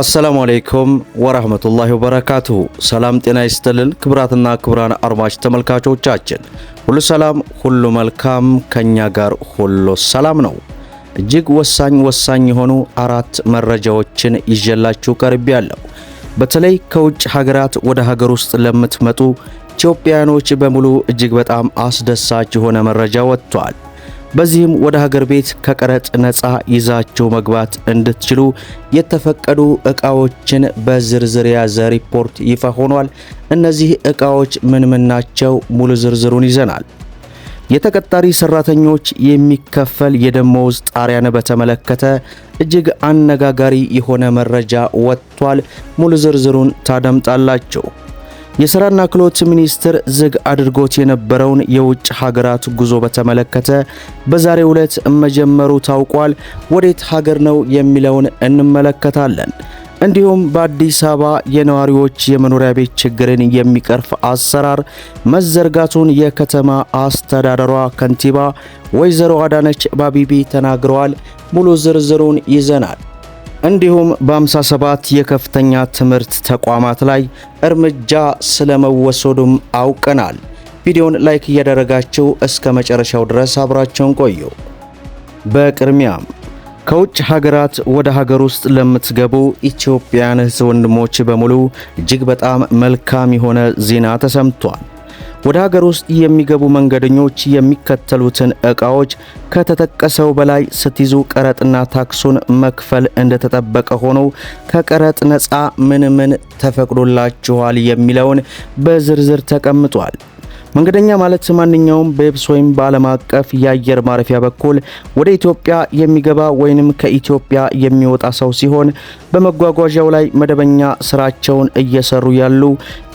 አሰላሙ አለይኩም ወራህመቱላሂ ወበረካቱሁ። ሰላም ጤና ይስጥልን ክብራትና ክብራን አድማጭ ተመልካቾቻችን ሁሉ ሰላም ሁሉ መልካም፣ ከኛ ጋር ሁሉ ሰላም ነው። እጅግ ወሳኝ ወሳኝ የሆኑ አራት መረጃዎችን ይዤላችሁ ቀርቤያለሁ። በተለይ ከውጭ ሀገራት ወደ ሀገር ውስጥ ለምትመጡ ኢትዮጵያውያኖች በሙሉ እጅግ በጣም አስደሳች የሆነ መረጃ ወጥቷል። በዚህም ወደ ሀገር ቤት ከቀረጥ ነፃ ይዛችሁ መግባት እንድትችሉ የተፈቀዱ እቃዎችን በዝርዝር የያዘ ሪፖርት ይፋ ሆኗል። እነዚህ እቃዎች ምን ምን ናቸው? ሙሉ ዝርዝሩን ይዘናል። የተቀጣሪ ሰራተኞች የሚከፈል የደሞዝ ጣሪያን በተመለከተ እጅግ አነጋጋሪ የሆነ መረጃ ወጥቷል። ሙሉ ዝርዝሩን ታደምጣላችሁ። የስራና ክህሎት ሚኒስቴር ዝግ አድርጎት የነበረውን የውጭ ሀገራት ጉዞ በተመለከተ በዛሬው ዕለት መጀመሩ ታውቋል። ወዴት ሀገር ነው የሚለውን እንመለከታለን። እንዲሁም በአዲስ አበባ የነዋሪዎች የመኖሪያ ቤት ችግርን የሚቀርፍ አሰራር መዘርጋቱን የከተማ አስተዳደሯ ከንቲባ ወይዘሮ አዳነች አቤቤ ተናግረዋል። ሙሉ ዝርዝሩን ይዘናል። እንዲሁም በ57 የከፍተኛ ትምህርት ተቋማት ላይ እርምጃ ስለመወሰዱም አውቀናል። ቪዲዮን ላይክ እያደረጋችሁ እስከ መጨረሻው ድረስ አብራቸውን ቆዩ። በቅድሚያም ከውጭ ሀገራት ወደ ሀገር ውስጥ ለምትገቡ ኢትዮጵያውያን እህት ወንድሞች በሙሉ እጅግ በጣም መልካም የሆነ ዜና ተሰምቷል። ወደ ሀገር ውስጥ የሚገቡ መንገደኞች የሚከተሉትን ዕቃዎች ከተጠቀሰው በላይ ስትይዙ ቀረጥና ታክሱን መክፈል እንደተጠበቀ ሆኖ ከቀረጥ ነፃ ምን ምን ተፈቅዶላችኋል የሚለውን በዝርዝር ተቀምጧል። መንገደኛ ማለት ማንኛውም በየብስ ወይም በዓለም አቀፍ የአየር ማረፊያ በኩል ወደ ኢትዮጵያ የሚገባ ወይንም ከኢትዮጵያ የሚወጣ ሰው ሲሆን በመጓጓዣው ላይ መደበኛ ስራቸውን እየሰሩ ያሉ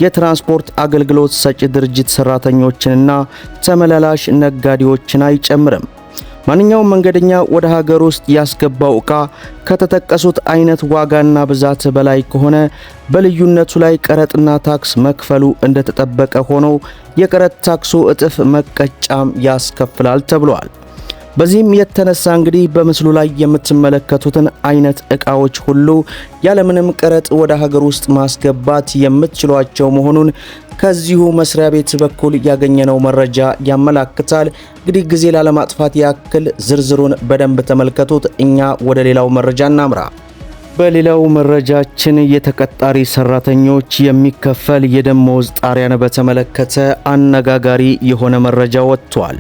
የትራንስፖርት አገልግሎት ሰጪ ድርጅት ሰራተኞችንና ተመላላሽ ነጋዴዎችን አይጨምርም። ማንኛውም መንገደኛ ወደ ሀገር ውስጥ ያስገባው ዕቃ ከተጠቀሱት አይነት ዋጋና ብዛት በላይ ከሆነ በልዩነቱ ላይ ቀረጥና ታክስ መክፈሉ እንደተጠበቀ ሆኖ የቀረጥ ታክሱ እጥፍ መቀጫም ያስከፍላል ተብሏል። በዚህም የተነሳ እንግዲህ በምስሉ ላይ የምትመለከቱትን አይነት እቃዎች ሁሉ ያለምንም ቀረጥ ወደ ሀገር ውስጥ ማስገባት የምትችሏቸው መሆኑን ከዚሁ መስሪያ ቤት በኩል ያገኘነው መረጃ ያመላክታል። እንግዲህ ጊዜ ላለማጥፋት ያክል ዝርዝሩን በደንብ ተመልከቱት። እኛ ወደ ሌላው መረጃ እናምራ። በሌላው መረጃችን የተቀጣሪ ሰራተኞች የሚከፈል የደሞዝ ጣሪያን በተመለከተ አነጋጋሪ የሆነ መረጃ ወጥቷል።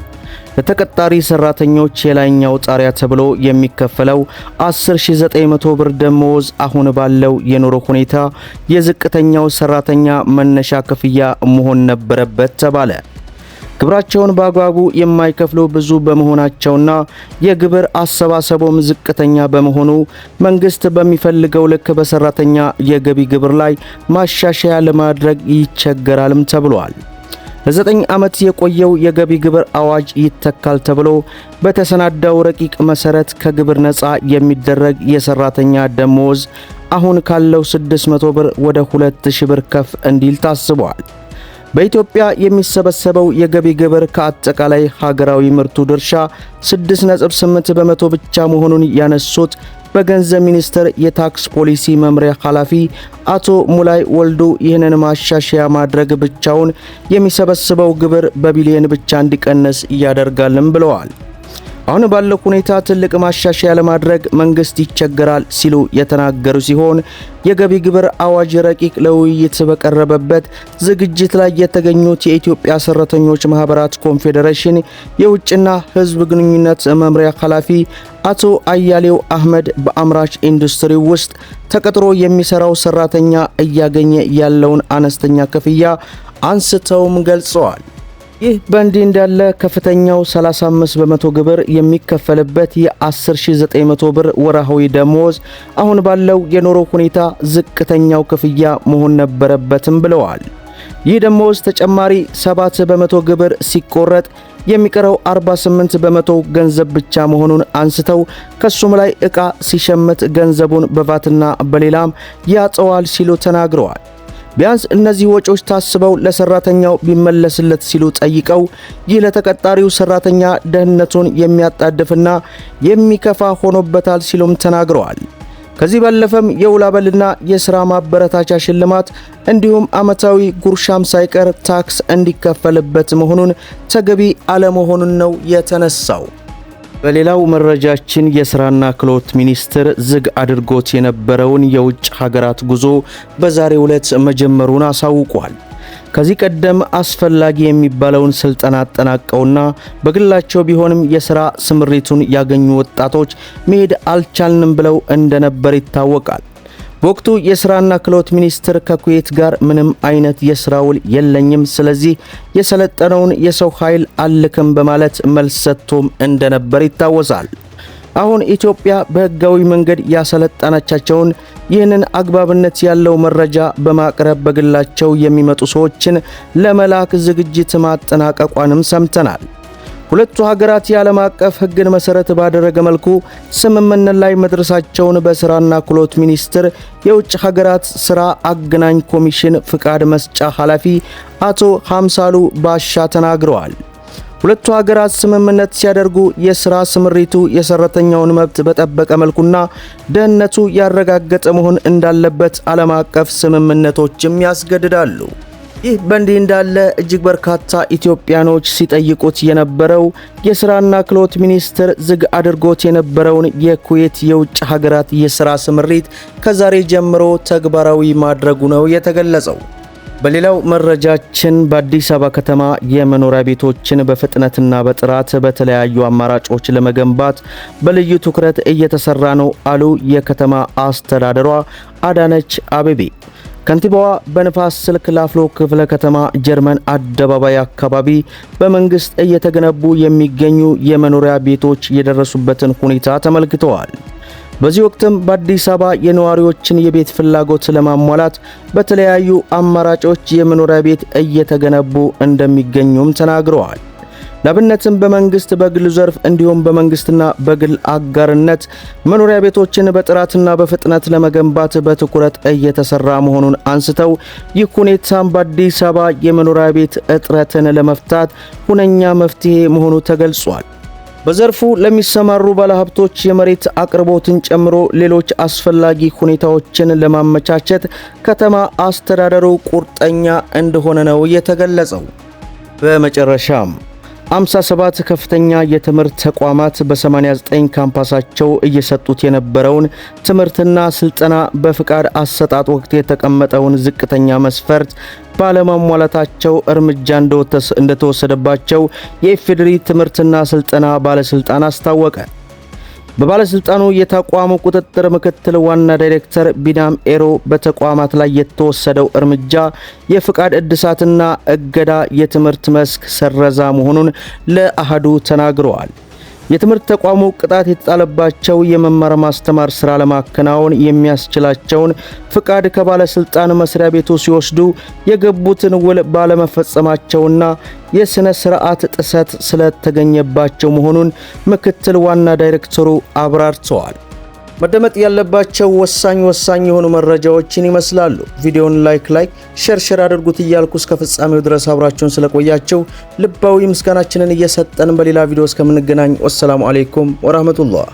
ለተቀጣሪ ሰራተኞች የላይኛው ጣሪያ ተብሎ የሚከፈለው 10900 ብር ደሞዝ አሁን ባለው የኑሮ ሁኔታ የዝቅተኛው ሰራተኛ መነሻ ክፍያ መሆን ነበረበት ተባለ። ግብራቸውን በአግባቡ የማይከፍሉ ብዙ በመሆናቸውና የግብር አሰባሰቡም ዝቅተኛ በመሆኑ መንግስት በሚፈልገው ልክ በሰራተኛ የገቢ ግብር ላይ ማሻሻያ ለማድረግ ይቸገራልም ተብሏል። ለዘጠኝ ዓመት የቆየው የገቢ ግብር አዋጅ ይተካል ተብሎ በተሰናዳው ረቂቅ መሠረት ከግብር ነፃ የሚደረግ የሠራተኛ ደሞዝ አሁን ካለው 600 ብር ወደ 2000 ብር ከፍ እንዲል ታስቧል። በኢትዮጵያ የሚሰበሰበው የገቢ ግብር ከአጠቃላይ ሀገራዊ ምርቱ ድርሻ 6.8 በመቶ ብቻ መሆኑን ያነሱት በገንዘብ ሚኒስቴር የታክስ ፖሊሲ መምሪያ ኃላፊ አቶ ሙላይ ወልዱ ይህንን ማሻሻያ ማድረግ ብቻውን የሚሰበስበው ግብር በቢሊየን ብቻ እንዲቀነስ ያደርጋልን ብለዋል። አሁን ባለው ሁኔታ ትልቅ ማሻሻያ ለማድረግ መንግስት ይቸገራል ሲሉ የተናገሩ ሲሆን የገቢ ግብር አዋጅ ረቂቅ ለውይይት በቀረበበት ዝግጅት ላይ የተገኙት የኢትዮጵያ ሰራተኞች ማህበራት ኮንፌዴሬሽን የውጭና ሕዝብ ግንኙነት መምሪያ ኃላፊ አቶ አያሌው አህመድ በአምራች ኢንዱስትሪ ውስጥ ተቀጥሮ የሚሰራው ሰራተኛ እያገኘ ያለውን አነስተኛ ክፍያ አንስተውም ገልጸዋል። ይህ በእንዲህ እንዳለ ከፍተኛው 35 በመቶ ግብር የሚከፈልበት የ10900 ብር ወርሃዊ ደሞዝ አሁን ባለው የኑሮ ሁኔታ ዝቅተኛው ክፍያ መሆን ነበረበትም ብለዋል። ይህ ደሞዝ ተጨማሪ 7 በመቶ ግብር ሲቆረጥ የሚቀረው 48 በመቶ ገንዘብ ብቻ መሆኑን አንስተው ከሱም ላይ ዕቃ ሲሸምት ገንዘቡን በቫትና በሌላም ያጸዋል ሲሉ ተናግረዋል። ቢያንስ እነዚህ ወጪዎች ታስበው ለሰራተኛው ቢመለስለት ሲሉ ጠይቀው ይህ ለተቀጣሪው ሰራተኛ ደህንነቱን የሚያጣድፍና የሚከፋ ሆኖበታል ሲሉም ተናግረዋል። ከዚህ ባለፈም የውል አበልና የሥራ ማበረታቻ ሽልማት እንዲሁም ዓመታዊ ጉርሻም ሳይቀር ታክስ እንዲከፈልበት መሆኑን ተገቢ አለመሆኑን ነው የተነሳው። በሌላው መረጃችን የስራና ክህሎት ሚኒስቴር ዝግ አድርጎት የነበረውን የውጭ ሀገራት ጉዞ በዛሬው ዕለት መጀመሩን አሳውቋል። ከዚህ ቀደም አስፈላጊ የሚባለውን ስልጠና አጠናቀውና በግላቸው ቢሆንም የሥራ ስምሪቱን ያገኙ ወጣቶች መሄድ አልቻልንም ብለው እንደነበር ይታወቃል። በወቅቱ የስራና ክህሎት ሚኒስትር ከኩዌት ጋር ምንም አይነት የስራ ውል የለኝም፣ ስለዚህ የሰለጠነውን የሰው ኃይል አልክም በማለት መልስ ሰጥቶም እንደነበር ይታወሳል። አሁን ኢትዮጵያ በህጋዊ መንገድ ያሰለጠነቻቸውን ይህንን አግባብነት ያለው መረጃ በማቅረብ በግላቸው የሚመጡ ሰዎችን ለመላክ ዝግጅት ማጠናቀቋንም ሰምተናል። ሁለቱ ሀገራት የዓለም አቀፍ ሕግን መሰረት ባደረገ መልኩ ስምምነት ላይ መድረሳቸውን በሥራና ክህሎት ሚኒስቴር የውጭ ሀገራት ሥራ አገናኝ ኮሚሽን ፍቃድ መስጫ ኃላፊ አቶ ሀምሳሉ ባሻ ተናግረዋል። ሁለቱ ሀገራት ስምምነት ሲያደርጉ የሥራ ስምሪቱ የሠራተኛውን መብት በጠበቀ መልኩና ደህንነቱ ያረጋገጠ መሆን እንዳለበት ዓለም አቀፍ ስምምነቶችም ያስገድዳሉ። ይህ በእንዲህ እንዳለ እጅግ በርካታ ኢትዮጵያኖች ሲጠይቁት የነበረው የስራና ክህሎት ሚኒስቴር ዝግ አድርጎት የነበረውን የኩዌት የውጭ ሀገራት የስራ ስምሪት ከዛሬ ጀምሮ ተግባራዊ ማድረጉ ነው የተገለጸው። በሌላው መረጃችን በአዲስ አበባ ከተማ የመኖሪያ ቤቶችን በፍጥነትና በጥራት በተለያዩ አማራጮች ለመገንባት በልዩ ትኩረት እየተሰራ ነው አሉ የከተማ አስተዳደሯ አዳነች አቤቤ። ከንቲባዋ በንፋስ ስልክ ላፍሎ ክፍለ ከተማ ጀርመን አደባባይ አካባቢ በመንግስት እየተገነቡ የሚገኙ የመኖሪያ ቤቶች የደረሱበትን ሁኔታ ተመልክተዋል። በዚህ ወቅትም በአዲስ አበባ የነዋሪዎችን የቤት ፍላጎት ለማሟላት በተለያዩ አማራጮች የመኖሪያ ቤት እየተገነቡ እንደሚገኙም ተናግረዋል። ለአብነትም በመንግስት በግል ዘርፍ እንዲሁም በመንግስትና በግል አጋርነት መኖሪያ ቤቶችን በጥራትና በፍጥነት ለመገንባት በትኩረት እየተሰራ መሆኑን አንስተው ይህ ሁኔታም በአዲስ አበባ የመኖሪያ ቤት እጥረትን ለመፍታት ሁነኛ መፍትሄ መሆኑ ተገልጿል። በዘርፉ ለሚሰማሩ ባለሀብቶች የመሬት አቅርቦትን ጨምሮ ሌሎች አስፈላጊ ሁኔታዎችን ለማመቻቸት ከተማ አስተዳደሩ ቁርጠኛ እንደሆነ ነው የተገለጸው። በመጨረሻም 57 ከፍተኛ የትምህርት ተቋማት በ89 ካምፓሳቸው እየሰጡት የነበረውን ትምህርትና ስልጠና በፍቃድ አሰጣጥ ወቅት የተቀመጠውን ዝቅተኛ መስፈርት ባለማሟላታቸው እርምጃ እንደተወሰደባቸው የኢፌዴሪ ትምህርትና ስልጠና ባለስልጣን አስታወቀ። በባለስልጣኑ የተቋሙ ቁጥጥር ምክትል ዋና ዳይሬክተር ቢናም ኤሮ በተቋማት ላይ የተወሰደው እርምጃ የፍቃድ እድሳትና እገዳ የትምህርት መስክ ሰረዛ መሆኑን ለአህዱ ተናግረዋል። የትምህርት ተቋሙ ቅጣት የተጣለባቸው የመማር ማስተማር ስራ ለማከናወን የሚያስችላቸውን ፍቃድ ከባለስልጣን መስሪያ ቤቱ ሲወስዱ የገቡትን ውል ባለመፈጸማቸውና የሥነ ሥርዓት ጥሰት ስለተገኘባቸው መሆኑን ምክትል ዋና ዳይሬክተሩ አብራርተዋል። መደመጥ ያለባቸው ወሳኝ ወሳኝ የሆኑ መረጃዎችን ይመስላሉ። ቪዲዮውን ላይክ ላይክ ሼር ሼር አድርጉት እያልኩ እስከ ፍጻሜው ድረስ አብራችሁን ስለቆያቸው ልባዊ ምስጋናችንን እየሰጠን በሌላ ቪዲዮ እስከምንገናኝ ወሰላሙ አሌይኩም ወራህመቱላህ